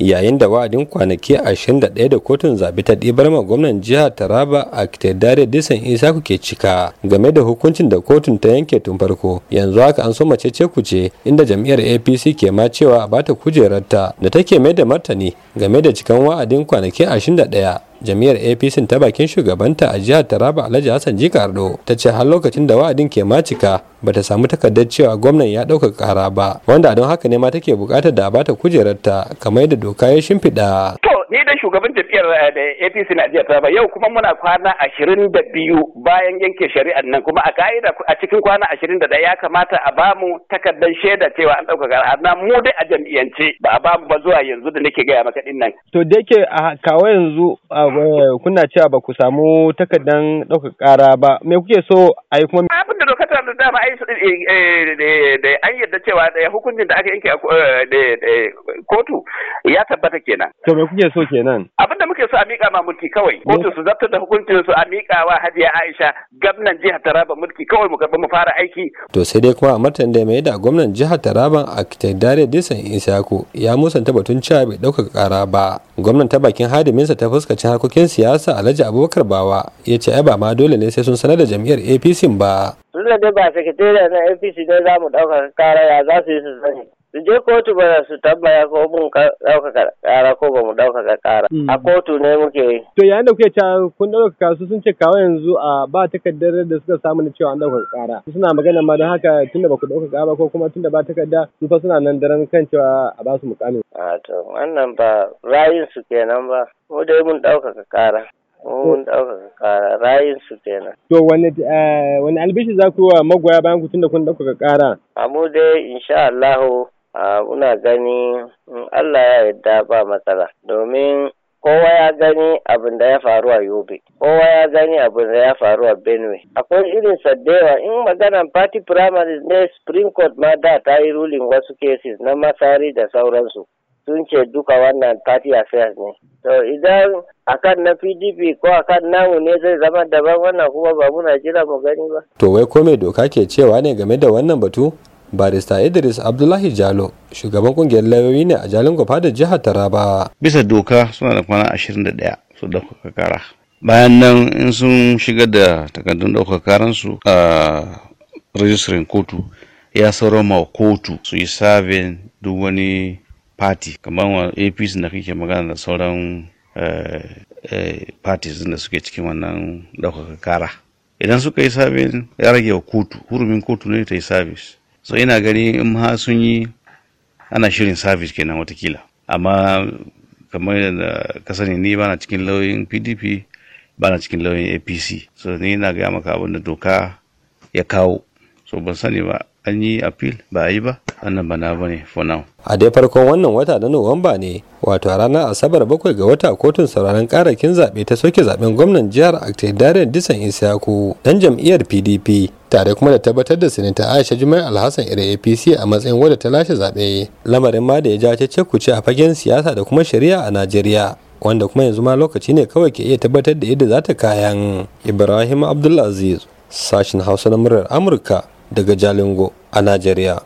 yayin da wa'adin kwanaki 21 da kotun zaɓe ta ɗibar ma gwamnan jiha taraba a dare, disan isa kuke cika game da hukuncin da kotun ta yanke tun farko yanzu haka an so mace ce kuce inda jam'iyyar apc ke ma cewa a bata kujerarta da take mai da martani game da cikan wa'adin kwanaki 21 jami'ar apc ta bakin shugabanta a jihar taraba alhaji hassan jikardo ta ce har lokacin da wa'adin ke macika ba ta samu takardar cewa gwamnan ya ɗauka kara ba wanda don haka ne ma take bukatar da a bata kujerarta kamar yadda doka ya shimfiɗa. to ni da shugaban tafiyar eh, da APC Najeriya ta ba yau kuma muna kwana ashirin da biyu bayan yanke shari'ar nan kuma a ka'ida a cikin kwana ashirin da ya kamata a bamu takardar shaida cewa an ɗaukaka al'adna mu dai a jam'iyyance ba a bamu ba zuwa yanzu da nake gaya maka dinnan. To da yake a kawo yanzu eh, kuna cewa ba ku samu takardar ɗauka ƙara ba me kuke so a yi kuma. Abin da dokar da dama ai eh, da an yarda cewa hukuncin da aka yanke kotu ya tabbata kenan. To me kuke so so kenan abin da muke so a miƙa ma mulki kawai kotu su zartar da hukuncin su a miƙa wa Hajiya Aisha gwamnan jihar Taraba mulki kawai mu karɓi mu fara aiki to sai dai kuma a martan da mai da gwamnan jihar Taraba a Dare Disan Isako ya musanta batun cewa bai ɗaukar ƙara ba gwamnan ta bakin hadiminsa ta fuskaci harkokin siyasa Alhaji Abubakar Bawa ya ce ai ba ma dole ne sai sun sanar da jam'iyyar APC ba tunda dai ba sakatare na APC ne za mu ɗaukar ƙara ya za su yi su sani su je kotu ba su tambaya ko mun ɗaukaka ƙara ko ba mu ɗaukaka ƙara. Mm. A kotu ne muke. yi. To yayin da kuke ta kun ɗaukaka su sun ce kawo yanzu a ba takardar da suka samu na cewa an ɗaukaka ƙara. Suna magana ma don haka tunda ba ku ɗaukaka ba ko kuma tunda ba takarda su fa suna nan daren kan cewa a ba su mukamin. A to wannan ba rayin su kenan ba. Mu dai mun ɗaukaka ƙara. mun ɗaukaka ƙara rayin su kenan. To wani eh, wani albishi za ku wa magoya bayan ku tunda kun ɗaukaka ƙara? Amu dai insha Allahu muna gani in Allah ya yarda ba matsala domin kowa ya gani abin da ya faru a yobe kowa ya gani abin da ya faru a benue akwai irin sadewa in magana, party primary ne supreme court ma da ta yi ruling wasu cases na masari da sauransu sun ce duka wannan party affairs ne to idan akan na pdp ko akan namu ne zai zama daban wannan kuma ba muna jira mu gani ba to wai ko mai doka ke cewa ne game da wannan batu barista idris abdullahi jalo shugaban kungiyar lauyoyi ne a jalin gwafa da jihar taraba bisa doka suna da kwana 21 su ɗaukaka kara bayan nan in sun shigar da takardun ɗaukaka su a registering kotu ya sauran ma kotu su yi sabin duk wani party kamar wa apc na kike magana da sauran eh, eh, parties da suke cikin wannan ɗaukaka kara idan suka yi sabin ya rage wa kotu hurumin kotu ne ta yi sabis so ina gani in ha sun yi ana shirin service kenan watakila amma kamar da ka sani ni bana cikin lauyin pdp bana cikin lauyin apc so ni na gaya maka abin da doka ya kawo so ban sani ba an yi appeal ba a yi ba Annan bana ba ne for now a dai farkon wannan wata na nuwamba ne wato a ranar asabar bakwai ga wata kotun sauraron karakin zaɓe ta soke zaɓen gwamnan jihar aktidaren disan isyaku dan jam'iyyar pdp tare kuma da tabbatar da sinita aisha jumai alhassan ire apc a matsayin wadda ta lashe zaɓe lamarin ma da ya ja cece kuce a fagen siyasa da kuma shari'a a najeriya wanda kuma yanzu ma lokaci ne kawai ke iya tabbatar da yadda za ta kayan ibrahim abdulaziz sashin hausa na murar amurka daga jalingo a najeriya